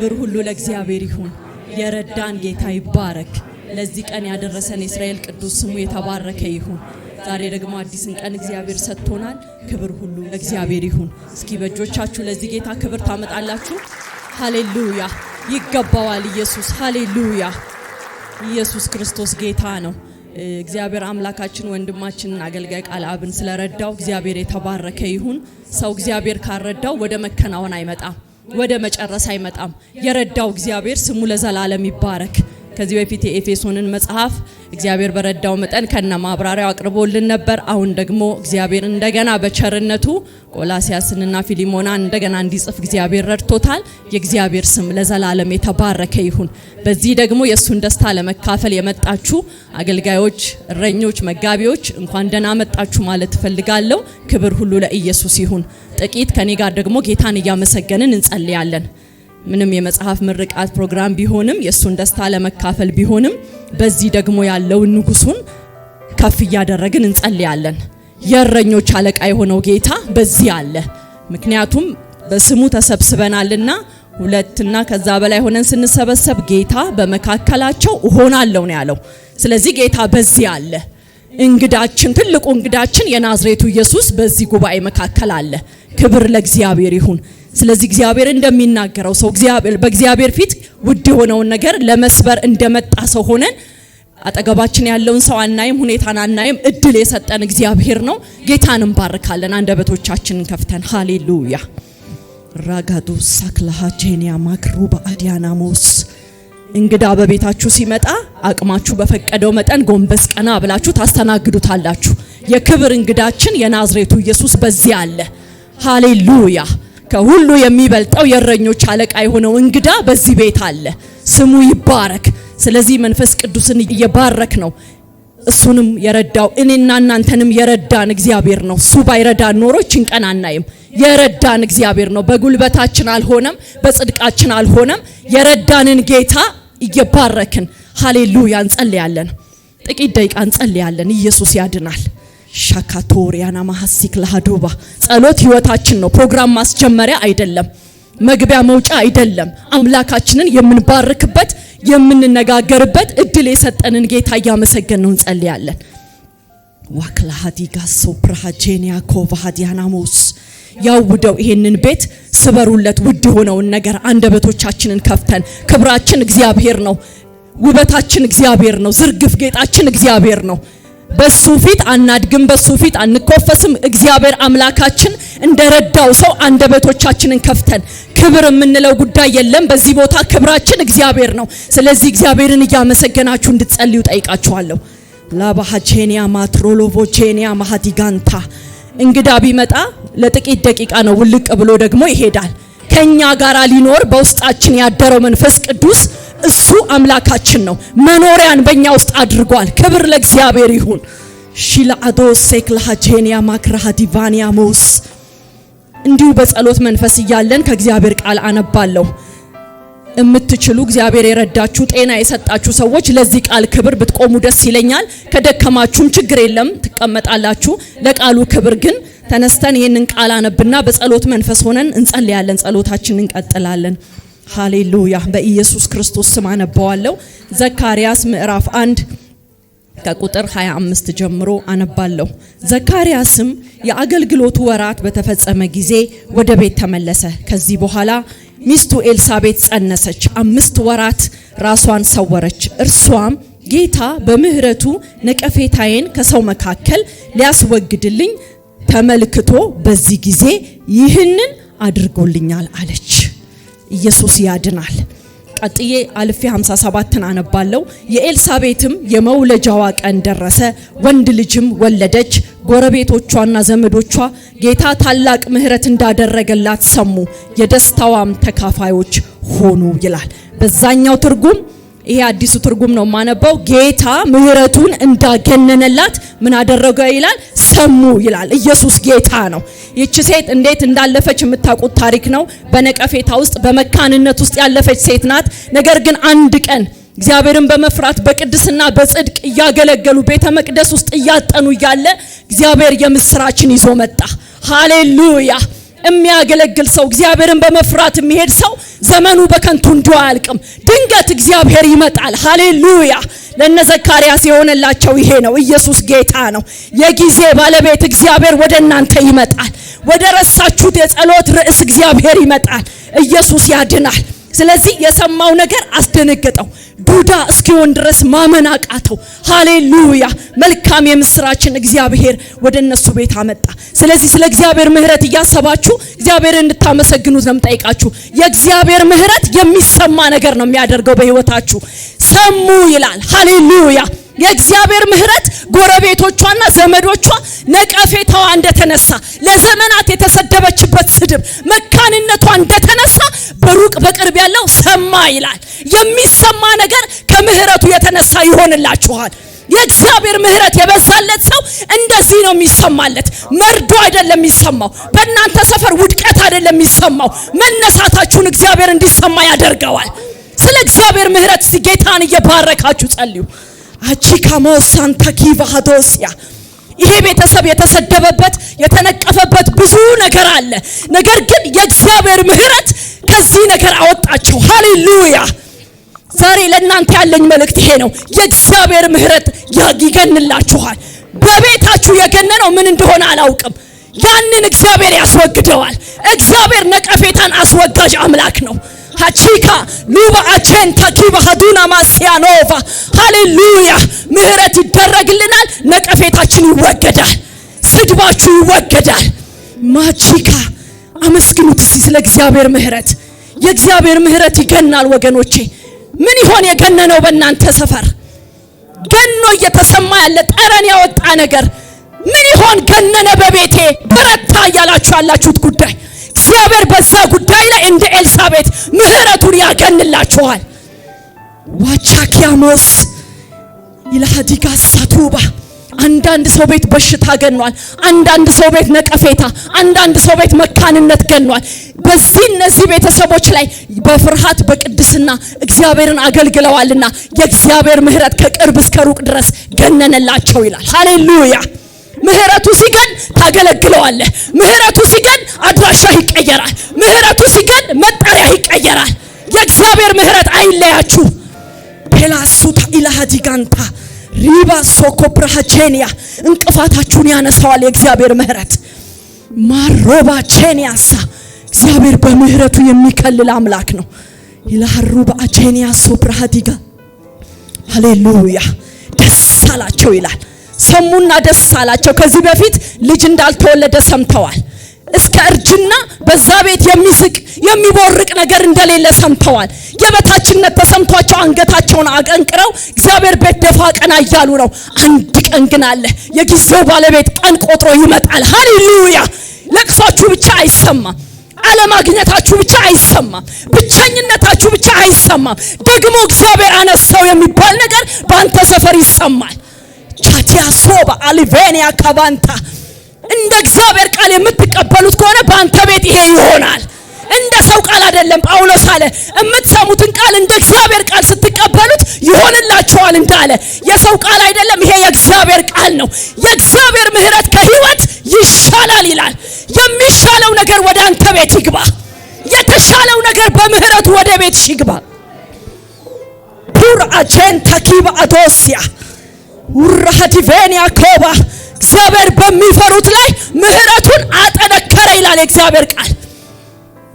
ክብር ሁሉ ለእግዚአብሔር ይሁን። የረዳን ጌታ ይባረክ። ለዚህ ቀን ያደረሰን የእስራኤል ቅዱስ ስሙ የተባረከ ይሁን። ዛሬ ደግሞ አዲስን ቀን እግዚአብሔር ሰጥቶናል። ክብር ሁሉ ለእግዚአብሔር ይሁን። እስኪ በእጆቻችሁ ለዚህ ጌታ ክብር ታመጣላችሁ። ሃሌሉያ! ይገባዋል ኢየሱስ። ሃሌሉያ! ኢየሱስ ክርስቶስ ጌታ ነው። እግዚአብሔር አምላካችን ወንድማችንን አገልጋይ ቃል አብን ስለረዳው እግዚአብሔር የተባረከ ይሁን። ሰው እግዚአብሔር ካልረዳው ወደ መከናወን አይመጣም። ወደ መጨረስ አይመጣም። የረዳው እግዚአብሔር ስሙ ለዘላለም ይባረክ። ከዚህ በፊት የኤፌሶንን መጽሐፍ እግዚአብሔር በረዳው መጠን ከነ ማብራሪያው አቅርቦልን ነበር። አሁን ደግሞ እግዚአብሔር እንደገና በቸርነቱ ቆላሲያስንና ፊሊሞናን እንደገና እንዲጽፍ እግዚአብሔር ረድቶታል። የእግዚአብሔር ስም ለዘላለም የተባረከ ይሁን። በዚህ ደግሞ የእሱን ደስታ ለመካፈል የመጣችሁ አገልጋዮች፣ እረኞች፣ መጋቢዎች እንኳን ደህና መጣችሁ ማለት እፈልጋለሁ። ክብር ሁሉ ለኢየሱስ ይሁን። ጥቂት ከኔ ጋር ደግሞ ጌታን እያመሰገንን እንጸልያለን። ምንም የመጽሐፍ ምርቃት ፕሮግራም ቢሆንም የእሱን ደስታ ለመካፈል ቢሆንም በዚህ ደግሞ ያለውን ንጉሱን ከፍ እያደረግን እንጸልያለን። የእረኞች አለቃ የሆነው ጌታ በዚህ አለ። ምክንያቱም በስሙ ተሰብስበናልና ሁለትና ከዛ በላይ ሆነን ስንሰበሰብ ጌታ በመካከላቸው እሆናለሁ ነው ያለው። ስለዚህ ጌታ በዚህ አለ። እንግዳችን፣ ትልቁ እንግዳችን የናዝሬቱ ኢየሱስ በዚህ ጉባኤ መካከል አለ። ክብር ለእግዚአብሔር ይሁን። ስለዚህ እግዚአብሔር እንደሚናገረው ሰው በእግዚአብሔር ፊት ውድ የሆነውን ነገር ለመስበር እንደመጣ ሰው ሆነን አጠገባችን ያለውን ሰው አናይም፣ ሁኔታን አናይም። እድል የሰጠን እግዚአብሔር ነው። ጌታን እንባርካለን። አንደበቶቻችንን ከፍተን ሃሌሉያ ራጋዱ ሳክላሃ ጄኒያ ማክሩ በአዲያናሞስ እንግዳ በቤታችሁ ሲመጣ አቅማችሁ በፈቀደው መጠን ጎንበስ ቀና ብላችሁ ታስተናግዱታላችሁ። የክብር እንግዳችን የናዝሬቱ ኢየሱስ በዚህ አለ። ሃሌሉያ። ከሁሉ የሚበልጠው የእረኞች አለቃ የሆነው እንግዳ በዚህ ቤት አለ። ስሙ ይባረክ። ስለዚህ መንፈስ ቅዱስን እየባረክ ነው። እሱንም የረዳው እኔና እናንተንም የረዳን እግዚአብሔር ነው። እሱ ባይረዳን ኖሮ ይህችን አናይም። የረዳን እግዚአብሔር ነው። በጉልበታችን አልሆነም፣ በጽድቃችን አልሆነም። የረዳንን ጌታ እየባረክን ሃሌሉያ እንጸልያለን። ጥቂት ደቂቃ እንጸልያለን። ኢየሱስ ያድናል። ሻካቶሪያና ማሐሲክ ለሃዶባ ጸሎት ህይወታችን ነው። ፕሮግራም ማስጀመሪያ አይደለም፣ መግቢያ መውጫ አይደለም። አምላካችንን የምንባርክበት የምንነጋገርበት እድል የሰጠንን ጌታ እያመሰገን ነው እንጸልያለን። ዋክላሃዲጋ ሶፕራሃጄኒያ ኮቫሃዲያናሞስ ያውደው ይሄንን ቤት ስበሩለት። ውድ የሆነውን ነገር አንደበቶቻችንን ከፍተን ክብራችን እግዚአብሔር ነው፣ ውበታችን እግዚአብሔር ነው፣ ዝርግፍ ጌጣችን እግዚአብሔር ነው። በሱ ፊት አናድግም፣ በሱ ፊት አንኮፈስም። እግዚአብሔር አምላካችን እንደረዳው ሰው አንደበቶቻችንን ከፍተን ክብር የምንለው ጉዳይ የለም። በዚህ ቦታ ክብራችን እግዚአብሔር ነው። ስለዚህ እግዚአብሔርን እያመሰገናችሁ እንድትጸልዩ ጠይቃችኋለሁ። ላባሃቼኒያ ማትሮሎቮቼኒያ ማሃዲጋንታ እንግዳ ቢመጣ ለጥቂት ደቂቃ ነው፣ ውልቅ ብሎ ደግሞ ይሄዳል። ከኛ ጋር ሊኖር በውስጣችን ያደረው መንፈስ ቅዱስ እሱ አምላካችን ነው። መኖሪያን በእኛ ውስጥ አድርጓል። ክብር ለእግዚአብሔር ይሁን። ሺላአዶ ማክራሃ ዲቫንያ ሞስ እንዲሁ በጸሎት መንፈስ እያለን ከእግዚአብሔር ቃል አነባለሁ። የምትችሉ እግዚአብሔር የረዳችሁ ጤና የሰጣችሁ ሰዎች ለዚህ ቃል ክብር ብትቆሙ ደስ ይለኛል። ከደከማችሁም ችግር የለም ትቀመጣላችሁ። ለቃሉ ክብር ግን ተነስተን ይህንን ቃል አነብና በጸሎት መንፈስ ሆነን እንጸልያለን። ጸሎታችንን እንቀጥላለን። ሃሌሉያ። በኢየሱስ ክርስቶስ ስም አነባዋለሁ። ዘካርያስ ምዕራፍ አንድ ከቁጥር 25 ጀምሮ አነባለሁ። ዘካርያስም የአገልግሎቱ ወራት በተፈጸመ ጊዜ ወደ ቤት ተመለሰ። ከዚህ በኋላ ሚስቱ ኤልሳቤት ጸነሰች፣ አምስት ወራት ራሷን ሰወረች። እርሷም ጌታ በምሕረቱ ነቀፌታዬን ከሰው መካከል ሊያስወግድልኝ ተመልክቶ በዚህ ጊዜ ይህንን አድርጎልኛል አለች። ኢየሱስ ያድናል። ቀጥዬ አልፌ 57ን አነባለው የኤልሳቤትም የመውለጃዋ ቀን ደረሰ፣ ወንድ ልጅም ወለደች። ጎረቤቶቿና ዘመዶቿ ጌታ ታላቅ ምሕረት እንዳደረገላት ሰሙ፣ የደስታዋም ተካፋዮች ሆኑ ይላል። በዛኛው ትርጉም ይሄ አዲሱ ትርጉም ነው የማነባው። ጌታ ምሕረቱን እንዳገነነላት ምን አደረገ ይላል ሰሙ ይላል። ኢየሱስ ጌታ ነው። ይቺ ሴት እንዴት እንዳለፈች የምታውቁት ታሪክ ነው። በነቀፌታ ውስጥ በመካንነት ውስጥ ያለፈች ሴት ናት። ነገር ግን አንድ ቀን እግዚአብሔርን በመፍራት በቅድስና በጽድቅ እያገለገሉ ቤተ መቅደስ ውስጥ እያጠኑ እያለ እግዚአብሔር የምስራችን ይዞ መጣ። ሃሌሉያ የሚያገለግል ሰው እግዚአብሔርን በመፍራት የሚሄድ ሰው ዘመኑ በከንቱ እንዲ አያልቅም። ድንገት እግዚአብሔር ይመጣል። ሃሌሉያ! ለነ ዘካርያስ የሆነላቸው ይሄ ነው። ኢየሱስ ጌታ ነው። የጊዜ ባለቤት እግዚአብሔር ወደ እናንተ ይመጣል። ወደ ረሳችሁት የጸሎት ርዕስ እግዚአብሔር ይመጣል። ኢየሱስ ያድናል። ስለዚህ የሰማው ነገር አስደነገጠው። ዱዳ እስኪሆን ድረስ ማመን አቃተው። ሃሌሉያ! መልካም የምስራችን እግዚአብሔር ወደ እነሱ ቤት አመጣ። ስለዚህ ስለ እግዚአብሔር ምሕረት እያሰባችሁ እግዚአብሔር እንድታመሰግኑት ነው የምጠይቃችሁ። የእግዚአብሔር ምሕረት የሚሰማ ነገር ነው የሚያደርገው በህይወታችሁ። ሰሙ ይላል። ሃሌሉያ! የእግዚአብሔር ምሕረት ጎረቤቶቿና ዘመዶቿ ነቀፌታዋ እንደተነሳ፣ ለዘመናት የተሰደበችበት ስድብ መካንነቷ እንደተነሳ በሩቅ አጠገብ ያለው ሰማ ይላል። የሚሰማ ነገር ከምህረቱ የተነሳ ይሆንላችኋል። የእግዚአብሔር ምህረት የበዛለት ሰው እንደዚህ ነው የሚሰማለት። መርዶ አይደለም የሚሰማው፣ በእናንተ ሰፈር ውድቀት አይደለም የሚሰማው። መነሳታችሁን እግዚአብሔር እንዲሰማ ያደርገዋል። ስለ እግዚአብሔር ምሕረት ጌታን እየባረካችሁ ጸልዩ። አቺ ሳንታ ኪቫሃዶሲያ ይሄ ቤተሰብ የተሰደበበት የተነቀፈበት ብዙ ነገር አለ። ነገር ግን የእግዚአብሔር ምህረት ከዚህ ነገር አወጣቸው ሃሌሉያ። ዛሬ ለእናንተ ያለኝ መልእክት ይሄ ነው። የእግዚአብሔር ምሕረት ይገንላችኋል። በቤታችሁ የገነነው ምን እንደሆነ አላውቅም። ያንን እግዚአብሔር ያስወግደዋል። እግዚአብሔር ነቀፌታን አስወጋጅ አምላክ ነው። ሀቺካ ሉባ አቼን ታኪባ ሀዱና ማሲያኖቫ ሃሌሉያ። ምሕረት ይደረግልናል። ነቀፌታችን ይወገዳል። ስድባችሁ ይወገዳል። ማቺካ አመስግኑት እስቲ ስለ እግዚአብሔር ምህረት የእግዚአብሔር ምህረት ይገናል ወገኖቼ። ምን ይሆን የገነነው በእናንተ ሰፈር ገኖ እየተሰማ ያለ ጠረን ያወጣ ነገር ምን ይሆን? ገነነ በቤቴ በረታ እያላችሁ ያላችሁት ጉዳይ እግዚአብሔር በዛ ጉዳይ ላይ እንደ ኤልሳቤት ምህረቱን ያገንላችኋል። ዋቻኪያሞስ ኢላሃዲጋ ሳቱባ አንዳንድ ሰው ቤት በሽታ ገኗል። አንዳንድ ሰው ቤት ነቀፌታ፣ አንዳንድ ሰው ቤት መካንነት ገኗል። በዚህ እነዚህ ቤተሰቦች ላይ በፍርሃት በቅድስና እግዚአብሔርን አገልግለዋልና የእግዚአብሔር ምሕረት ከቅርብ እስከ ሩቅ ድረስ ገነነላቸው ይላል። ሃሌሉያ! ምሕረቱ ሲገን ታገለግለዋለህ። ምሕረቱ ሲገን አድራሻ ይቀየራል። ምሕረቱ ሲገን መጠሪያ ይቀየራል። የእግዚአብሔር ምሕረት አይለያችሁ። ፔላሱታ ኢላሃዲጋንታ ሪባ ሶኮፕራሃቼንያ እንቅፋታችሁን ያነሳዋል የእግዚአብሔር ምሕረት ማሮባ ቼንያሳ እግዚአብሔር በምህረቱ የሚከልል አምላክ ነው። ይላሩ በአቼንያ ሶፕራሃቲጋ ሃሌሉያ ደስ አላቸው ይላል። ሰሙና ደስ አላቸው። ከዚህ በፊት ልጅ እንዳልተወለደ ሰምተዋል። እስከ እርጅና በዛ ቤት የሚስቅ የሚቦርቅ ነገር እንደሌለ ሰምተዋል። የበታችነት ተሰምቷቸው አንገታቸውን አቀንቅረው እግዚአብሔር ቤት ደፋ ቀና እያሉ ነው። አንድ ቀን ግን አለ የጊዜው ባለቤት ቀን ቆጥሮ ይመጣል። ሃሌሉያ! ለቅሷችሁ ብቻ አይሰማም። አለማግኘታችሁ ብቻ አይሰማም። ብቸኝነታችሁ ብቻ አይሰማም። ደግሞ እግዚአብሔር አነሳው የሚባል ነገር በአንተ ሰፈር ይሰማል። ቻቲያ ሶባ አሊቬኒያ ካባንታ እንደ እግዚአብሔር ቃል የምትቀበሉት ከሆነ በአንተ ቤት ይሄ ይሆናል። እንደ ሰው ቃል አይደለም። ጳውሎስ አለ የምትሰሙትን ቃል እንደ እግዚአብሔር ቃል ስትቀበሉት ይሆንላችኋል እንዳለ የሰው ቃል አይደለም። ይሄ የእግዚአብሔር ቃል ነው። የእግዚአብሔር ምሕረት ከህይወት ይሻላል ይላል። የሚሻለው ነገር ወደ አንተ ቤት ይግባ። የተሻለው ነገር በምህረቱ ወደ ቤት ይግባ። ፑር አቼን ታኪባ አዶሲያ ውራሃቲቬኒያ ኮባ እግዚአብሔር በሚፈሩት ላይ ምህረቱን አጠነከረ ይላል የእግዚአብሔር ቃል።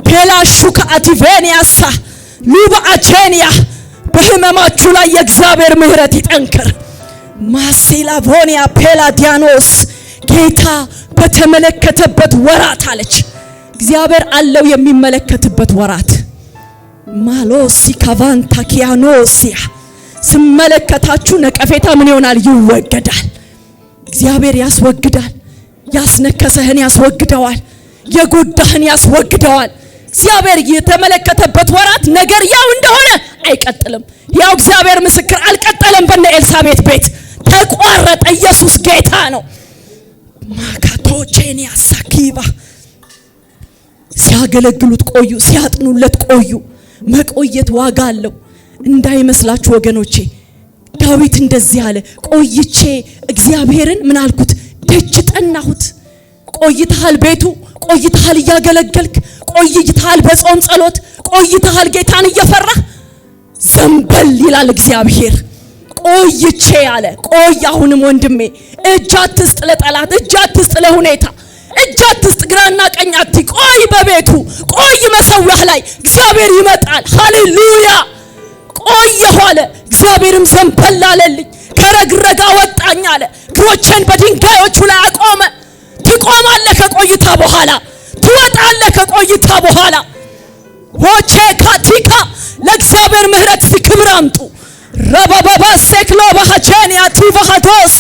ፔላ ሹካ አቲቬኒያሳ ሉባ አቼኒያ በህመማችሁ ላይ የእግዚአብሔር ምሕረት ይጠንክር። ቮኒያ ፔላ ዲያኖስ ጌታ በተመለከተበት ወራት አለች። እግዚአብሔር አለው የሚመለከትበት ወራት ማሎሲ ካቫንታ ኪያኖሲያ ስመለከታችሁ ነቀፌታ ምን ይሆናል? ይወገዳል። እግዚአብሔር ያስወግዳል። ያስነከሰህን ያስወግደዋል። የጎዳህን ያስወግደዋል። እግዚአብሔር የተመለከተበት ወራት ነገር ያው እንደሆነ አይቀጥልም። ያው እግዚአብሔር ምስክር አልቀጠለም። በነ ኤልሳቤት ቤት ተቋረጠ። ኢየሱስ ጌታ ነው። ማካቶቼኒያ ያሳኪባ ሲያገለግሉት ቆዩ፣ ሲያጥኑለት ቆዩ። መቆየት ዋጋ አለው እንዳይመስላችሁ ወገኖቼ። ዳዊት እንደዚህ አለ፣ ቆይቼ እግዚአብሔርን ምን አልኩት? ደጅ ጠናሁት። ቆይተሃል፣ ቤቱ ቆይተሃል፣ እያገለገልክ ቆይተሃል፣ በጾም ጸሎት ቆይተሃል፣ ጌታን እየፈራህ ዘንበል ይላል እግዚአብሔር። ቆይቼ አለ ቆይ። አሁንም ወንድሜ እጅ አትስጥ ለጠላት፣ እጅ አትስጥ ለሁኔታ፣ እጅ አትስጥ ግራና ቀኝ አትይ። ቆይ በቤቱ ቆይ፣ መሰዊያህ ላይ እግዚአብሔር ይመጣል። ሃሌሉያ ቆየሁ አለ። እግዚአብሔርም ዘንበል አለልኝ፣ ከረግረጋ ወጣኝ አለ። እግሮቼን በድንጋዮቹ ላይ አቆመ። ትቆማለህ ከቆይታ በኋላ ትወጣለ ከቆይታ በኋላ ሆቼ ካቲካ ለእግዚአብሔር ምሕረት ክብር አምጡ። ረበበበ ሴክሎ ባዶስ ያቲቫሃቶስ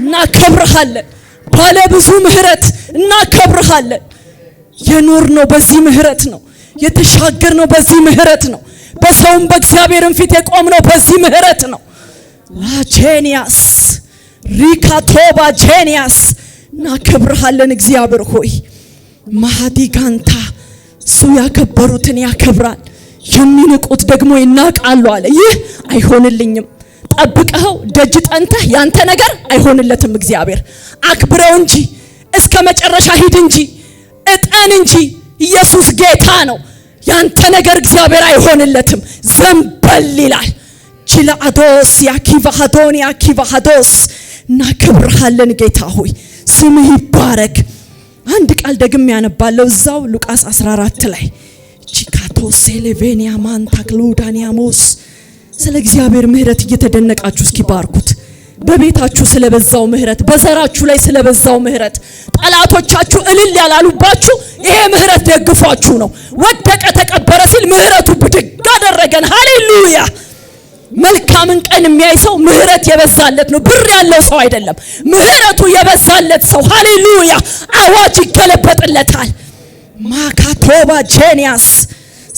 እናከብርሃለን። ባለ ብዙ ምሕረት እናከብርሃለን። የኖር ነው በዚህ ምሕረት ነው የተሻገር ነው በዚህ ምሕረት ነው። በሰውም በእግዚአብሔርም ፊት የቆምነው በዚህ ምህረት ነው። ላጄኒያስ ሪካቶባ ጄኒያስ እናከብርሃለን እግዚአብሔር ሆይ ማሃዲ ጋንታ እሱ ያከበሩትን ያከብራል፣ የሚንቁት ደግሞ ይናቃሉ አለ። ይህ አይሆንልኝም። ጠብቀኸው ደጅ ጠንተህ ያንተ ነገር አይሆንለትም። እግዚአብሔር አክብረው እንጂ እስከ መጨረሻ ሂድ እንጂ እጠን እንጂ ኢየሱስ ጌታ ነው። ያንተ ነገር እግዚአብሔር አይሆንለትም፣ ዘንበል ይላል። ቺላአዶስ ያኪቫሃዶን ያኪቫሃዶስ እናከብርሃለን ጌታ ሆይ ስምህ ይባረክ። አንድ ቃል ደግም ያነባለው እዛው ሉቃስ 14 ላይ ቺካቶ ሴሌቬኒያ ማንታክሎዳኒያሞስ ስለ እግዚአብሔር ምሕረት እየተደነቃችሁ እስኪ ባርኩት። በቤታችሁ ስለበዛው ምህረት በዘራችሁ ላይ ስለበዛው ምህረት ጠላቶቻችሁ እልል ያላሉባችሁ ይሄ ምህረት ደግፏችሁ ነው። ወደቀ ተቀበረ ሲል ምህረቱ ብድግ አደረገን። ሃሌሉያ! መልካምን ቀን የሚያይ ሰው ምህረት የበዛለት ነው። ብር ያለው ሰው አይደለም፣ ምህረቱ የበዛለት ሰው። ሃሌሉያ! አዋጅ ይገለበጥለታል። ማካቶባ ጄኒያስ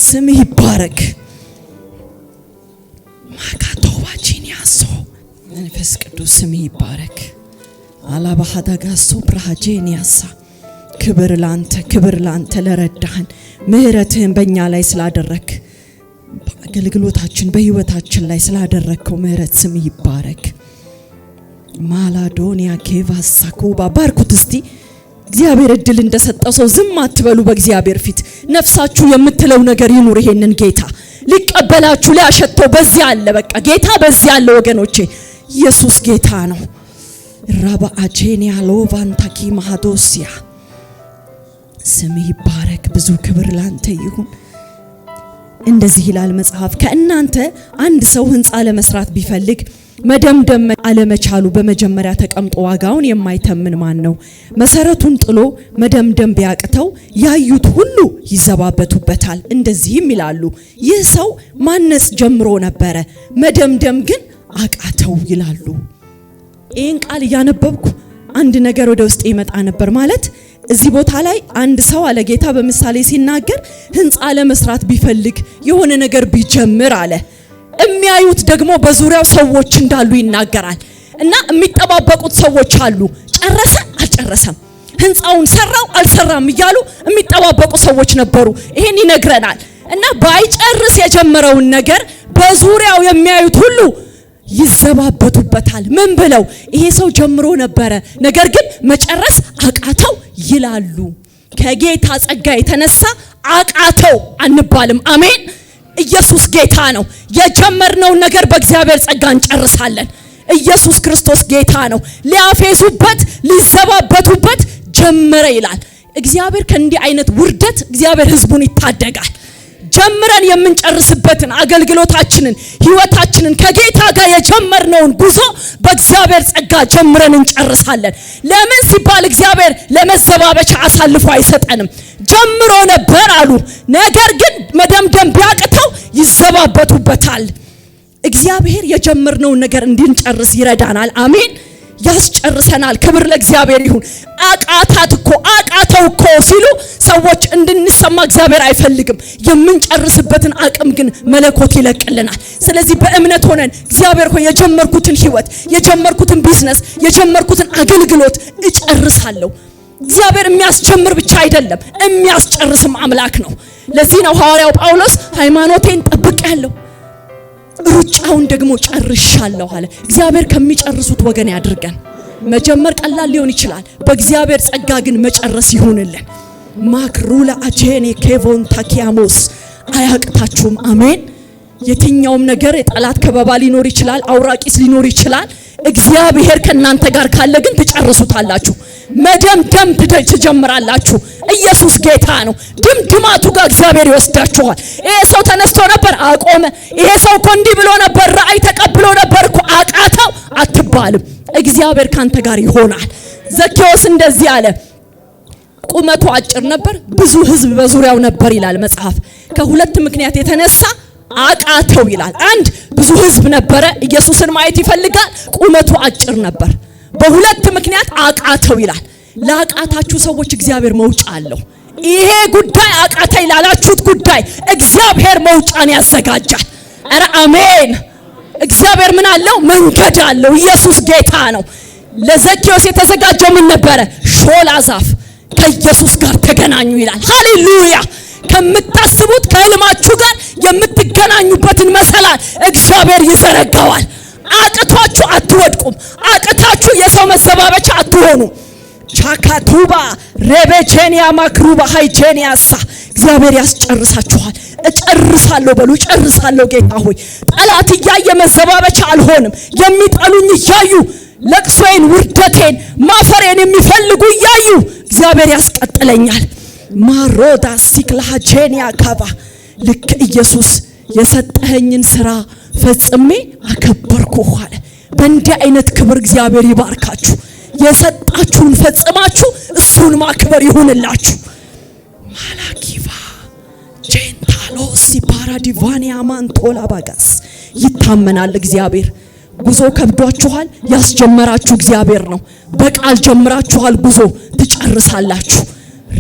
ስም ይባረክ። ማካቶባ ጄኒያስ መንፈስ ቅዱስ ስም ይባረክ። አላባሃዳጋሶ ብርሃጄንያሳ ክብር ላንተ፣ ክብር ላንተ ለረዳህን ምህረትህን በእኛ ላይ ስላደረክ በአገልግሎታችን በህይወታችን ላይ ስላደረግከው ምህረት ስም ይባረክ። ማላዶኒያ ኬቫሳ ኩባ ባርኩት። እስቲ እግዚአብሔር እድል እንደሰጠው ሰው ዝም አትበሉ። በእግዚአብሔር ፊት ነፍሳችሁ የምትለው ነገር ይኑር። ይሄንን ጌታ ሊቀበላችሁ ሊያሸተው በዚያ አለ። በቃ ጌታ በዚያ አለ ወገኖቼ ኢየሱስ ጌታ ነው። ራባ አቼኒያ ሎቫን ማሃዶሲያ ስም ይባረክ። ብዙ ክብር ላንተ ይሁን። እንደዚህ ይላል መጽሐፍ፣ ከእናንተ አንድ ሰው ህንፃ ለመስራት ቢፈልግ መደምደም አለመቻሉ በመጀመሪያ ተቀምጦ ዋጋውን የማይተምን ማን ነው? መሰረቱን ጥሎ መደምደም ቢያቅተው ያዩት ሁሉ ይዘባበቱበታል። እንደዚህም ይላሉ፣ ይህ ሰው ማነጽ ጀምሮ ነበረ፣ መደምደም ግን አቃተው ይላሉ። ይህን ቃል እያነበብኩ አንድ ነገር ወደ ውስጥ ይመጣ ነበር። ማለት እዚህ ቦታ ላይ አንድ ሰው አለ ጌታ በምሳሌ ሲናገር ህንፃ ለመስራት ቢፈልግ የሆነ ነገር ቢጀምር አለ የሚያዩት ደግሞ በዙሪያው ሰዎች እንዳሉ ይናገራል። እና የሚጠባበቁት ሰዎች አሉ። ጨረሰ አልጨረሰም፣ ህንፃውን ሰራው አልሰራም እያሉ የሚጠባበቁ ሰዎች ነበሩ። ይሄን ይነግረናል። እና ባይጨርስ የጀመረውን ነገር በዙሪያው የሚያዩት ሁሉ ይዘባበቱበታል። ምን ብለው ይሄ ሰው ጀምሮ ነበረ፣ ነገር ግን መጨረስ አቃተው ይላሉ። ከጌታ ጸጋ የተነሳ አቃተው አንባልም። አሜን። ኢየሱስ ጌታ ነው። የጀመርነውን ነገር በእግዚአብሔር ጸጋ እንጨርሳለን። ኢየሱስ ክርስቶስ ጌታ ነው። ሊያፌዙበት ሊዘባበቱበት ጀመረ ይላል። እግዚአብሔር ከእንዲህ አይነት ውርደት እግዚአብሔር ሕዝቡን ይታደጋል። ጀምረን የምንጨርስበትን አገልግሎታችንን ህይወታችንን ከጌታ ጋር የጀመርነውን ጉዞ በእግዚአብሔር ጸጋ ጀምረን እንጨርሳለን። ለምን ሲባል እግዚአብሔር ለመዘባበቻ አሳልፎ አይሰጠንም። ጀምሮ ነበር አሉ፣ ነገር ግን መደምደም ቢያቅተው ይዘባበቱበታል። እግዚአብሔር የጀመርነውን ነገር እንድንጨርስ ይረዳናል። አሜን። ያስጨርሰናል። ክብር ለእግዚአብሔር ይሁን። አቃታት እኮ አቃተው እኮ ሲሉ ሰዎች እንድንሰማ እግዚአብሔር አይፈልግም። የምንጨርስበትን አቅም ግን መለኮት ይለቅልናል። ስለዚህ በእምነት ሆነን እግዚአብሔር ሆይ የጀመርኩትን ህይወት የጀመርኩትን ቢዝነስ የጀመርኩትን አገልግሎት እጨርሳለሁ። እግዚአብሔር የሚያስጀምር ብቻ አይደለም፣ የሚያስጨርስም አምላክ ነው። ለዚህ ነው ሐዋርያው ጳውሎስ ሃይማኖቴን ጠብቄአለሁ ሩጫውን ደግሞ ጨርሻለሁ አለ። እግዚአብሔር ከሚጨርሱት ወገን ያድርገን። መጀመር ቀላል ሊሆን ይችላል። በእግዚአብሔር ጸጋ ግን መጨረስ ይሁንልን። ማክሩላ አቼኔ ኬቮን ታኪያሞስ አያቅታችሁም። አሜን። የትኛውም ነገር የጠላት ከበባ ሊኖር ይችላል። አውራቂስ ሊኖር ይችላል። እግዚአብሔር ከእናንተ ጋር ካለ ግን ትጨርሱታላችሁ። መደምደም ትጀምራላችሁ። ኢየሱስ ጌታ ነው። ድምድማቱ ጋር እግዚአብሔር ይወስዳችኋል። ይሄ ሰው ተነስቶ ነበር አቆመ። ይሄ ሰው እኮ እንዲህ ብሎ ነበር ራእይ ተቀብሎ ነበር እኮ አቃተው አትባልም። እግዚአብሔር ካንተ ጋር ይሆናል። ዘኬዎስ እንደዚህ አለ። ቁመቱ አጭር ነበር፣ ብዙ ሕዝብ በዙሪያው ነበር ይላል መጽሐፍ። ከሁለት ምክንያት የተነሳ አቃተው ይላል። አንድ ብዙ ሕዝብ ነበረ፣ ኢየሱስን ማየት ይፈልጋል፣ ቁመቱ አጭር ነበር። በሁለት ምክንያት አቃተው ይላል። ለአቃታችሁ ሰዎች እግዚአብሔር መውጫ አለው። ይሄ ጉዳይ አቃተኝ ላላችሁት ጉዳይ እግዚአብሔር መውጫን ያዘጋጃል። ኧረ አሜን። እግዚአብሔር ምን አለው? መንገድ አለው። ኢየሱስ ጌታ ነው። ለዘኪዮስ የተዘጋጀው ምን ነበረ? ሾላ ዛፍ ከኢየሱስ ጋር ተገናኙ ይላል። ሃሌሉያ! ከምታስቡት ከህልማችሁ ጋር የምትገናኙበትን መሰላል እግዚአብሔር ይዘረጋዋል። አቅቷችሁ አትወድቁም። አቅታችሁ የሰው መሰባበቻ አትሆኑ። ቻካቱባ ሬቤቼንያ ማክሩባ ሃይቼንያሳ እግዚአብሔር ያስጨርሳችኋል። እጨርሳለሁ በሉ። እጨርሳለሁ ጌታ ሆይ ጠላት እያየ መዘባበቻ አልሆንም። የሚጠሉኝ እያዩ ለቅሶዬን፣ ውርደቴን፣ ማፈሬን የሚፈልጉ እያዩ እግዚአብሔር ያስቀጥለኛል። ማሮዳ ሲክላሃቼንያ ካባ ልክ ኢየሱስ የሰጠኸኝን ስራ ፈጽሜ አከበርኩህ አለ። በእንዲህ አይነት ክብር እግዚአብሔር ይባርካችሁ። የሰጣችሁን ፈጽማችሁ እሱን ማክበር ይሁንላችሁ። ማላኪቫ ጄንታሎስ ፓራዲቫኒያ ማንቶላ ባጋስ ይታመናል እግዚአብሔር። ጉዞ ከብዷችኋል፣ ያስጀመራችሁ እግዚአብሔር ነው። በቃል ጀምራችኋል፣ ጉዞ ትጨርሳላችሁ።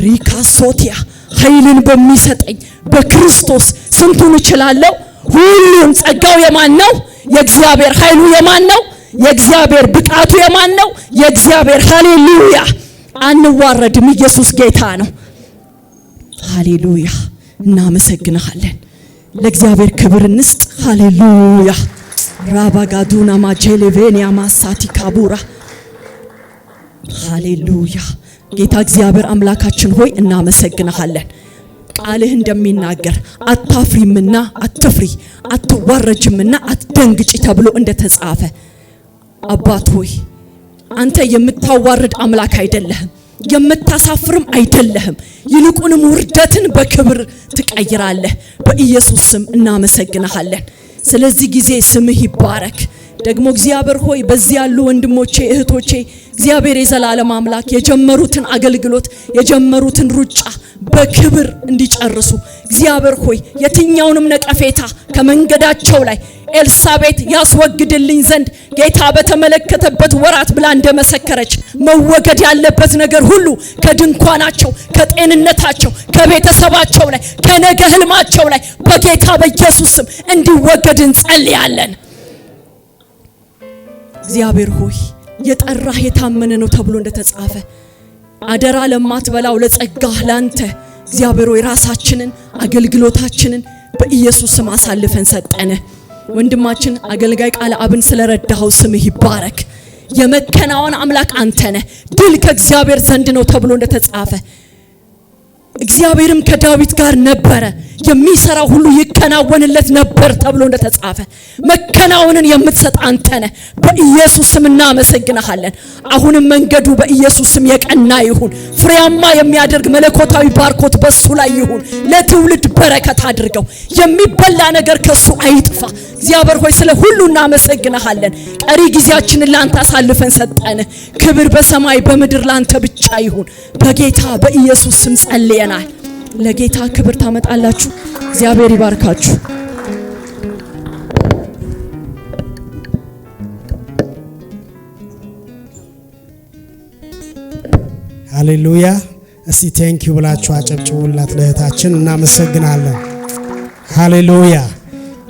ሪካሶቲያ ኃይልን በሚሰጠኝ በክርስቶስ ስንቱን እችላለሁ ሁሉም ጸጋው የማን ነው? የእግዚአብሔር ኃይሉ የማን ነው? የእግዚአብሔር ብቃቱ የማን ነው? የእግዚአብሔር ሃሌሉያ። አንዋረድም። ኢየሱስ ጌታ ነው። ሃሌሉያ። እናመሰግናለን። ለእግዚአብሔር ክብር እንስጥ። ሃሌሉያ። ራባጋዱና ማጄሌቬኒያ ማሳቲ ካቡራ ሃሌሉያ። ጌታ እግዚአብሔር አምላካችን ሆይ እናመሰግናለን። ቃልህ እንደሚናገር አታፍሪምና አትፍሪ አትዋረጅምና አትደንግጪ ተብሎ እንደተጻፈ አባት ሆይ አንተ የምታዋርድ አምላክ አይደለህም፣ የምታሳፍርም አይደለህም። ይልቁንም ውርደትን በክብር ትቀይራለህ። በኢየሱስ ስም እናመሰግንሃለን። ስለዚህ ጊዜ ስምህ ይባረክ። ደግሞ እግዚአብሔር ሆይ በዚህ ያሉ ወንድሞቼ እህቶቼ እግዚአብሔር የዘላለም አምላክ የጀመሩትን አገልግሎት የጀመሩትን ሩጫ በክብር እንዲጨርሱ እግዚአብሔር ሆይ የትኛውንም ነቀፌታ ከመንገዳቸው ላይ ኤልሳቤት ያስወግድልኝ ዘንድ ጌታ በተመለከተበት ወራት ብላ እንደመሰከረች መወገድ ያለበት ነገር ሁሉ ከድንኳናቸው፣ ከጤንነታቸው፣ ከቤተሰባቸው ላይ ከነገ ህልማቸው ላይ በጌታ በኢየሱስ ስም እንዲወገድ እንጸልያለን። እግዚአብሔር ሆይ የጠራህ የታመነ ነው ተብሎ እንደተጻፈ አደራ ለማትበላው ለጸጋህ ላንተ እግዚአብሔር ሆይ ራሳችንን አገልግሎታችንን በኢየሱስ ስም አሳልፈን ሰጠነ። ወንድማችን አገልጋይ ቃለ አብን ስለረዳኸው ስምህ ይባረክ። የመከናወን አምላክ አንተ ነህ። ድል ከእግዚአብሔር ዘንድ ነው ተብሎ እንደተጻፈ እግዚአብሔርም ከዳዊት ጋር ነበረ፣ የሚሰራ ሁሉ ይከናወንለት ነበር ተብሎ እንደተጻፈ መከናወንን የምትሰጥ አንተ ነህ። በኢየሱስ ስም እናመሰግናሃለን። አሁንም መንገዱ በኢየሱስ ስም የቀና ይሁን። ፍሬያማ የሚያደርግ መለኮታዊ ባርኮት በሱ ላይ ይሁን። ለትውልድ በረከት አድርገው። የሚበላ ነገር ከሱ አይጥፋ። እግዚአብሔር ሆይ ስለ ሁሉ እናመሰግናሃለን። ቀሪ ጊዜያችንን ላንተ አሳልፈን ሰጠንህ። ክብር በሰማይ በምድር ላንተ ብቻ ይሁን። በጌታ በኢየሱስ ስም ጸልየን ይለናል። ለጌታ ክብር ታመጣላችሁ። እግዚአብሔር ይባርካችሁ። ሃሌሉያ። እስቲ ቴንኪው ብላችሁ አጨብጭቡላት ለእህታችን። እናመሰግናለን። ሃሌሉያ።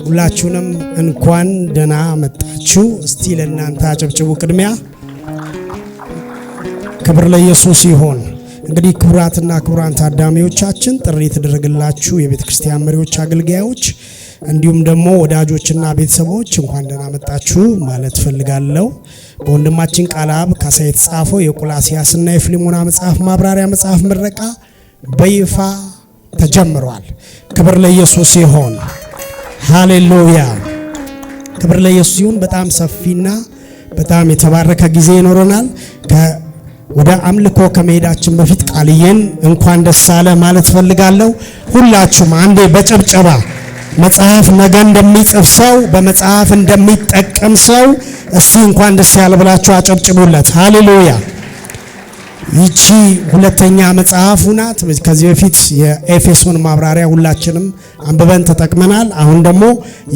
ሁላችሁንም እንኳን ደህና መጣችሁ። እስቲ ለእናንተ አጨብጭቡ። ቅድሚያ ክብር ለኢየሱስ ይሆን። እንግዲህ ክቡራትና ክቡራን ታዳሚዎቻችን ጥሪ የተደረገላችሁ የቤተ ክርስቲያን መሪዎች፣ አገልጋዮች እንዲሁም ደግሞ ወዳጆችና ቤተሰቦች እንኳን ደህና መጣችሁ ማለት ፈልጋለሁ። በወንድማችን ቃለአብ ካሳ የተጻፈው የቆላስይስና የፊልሞና መጽሐፍ ማብራሪያ መጽሐፍ ምረቃ በይፋ ተጀምሯል። ክብር ለኢየሱስ ይሁን። ሃሌሉያ! ክብር ለኢየሱስ ይሁን። በጣም ሰፊና በጣም የተባረከ ጊዜ ይኖረናል። ወደ አምልኮ ከመሄዳችን በፊት ቃልዬን እንኳን ደስ አለ ማለት ፈልጋለሁ። ሁላችሁም አንዴ በጨብጨባ መጽሐፍ ነገ እንደሚጽፍ ሰው በመጽሐፍ እንደሚጠቀም ሰው እስቲ እንኳን ደስ ያለ ብላችሁ አጨብጭቡለት። ሃሌሉያ ይቺ ሁለተኛ መጽሐፉ ናት። ከዚህ በፊት የኤፌሶን ማብራሪያ ሁላችንም አንብበን ተጠቅመናል። አሁን ደግሞ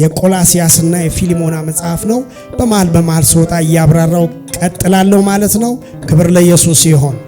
የቆላሲያስና የፊሊሞና መጽሐፍ ነው። በመሃል በመሃል ስወጣ እያብራራው ቀጥላለሁ ማለት ነው። ክብር ለኢየሱስ ይሆን።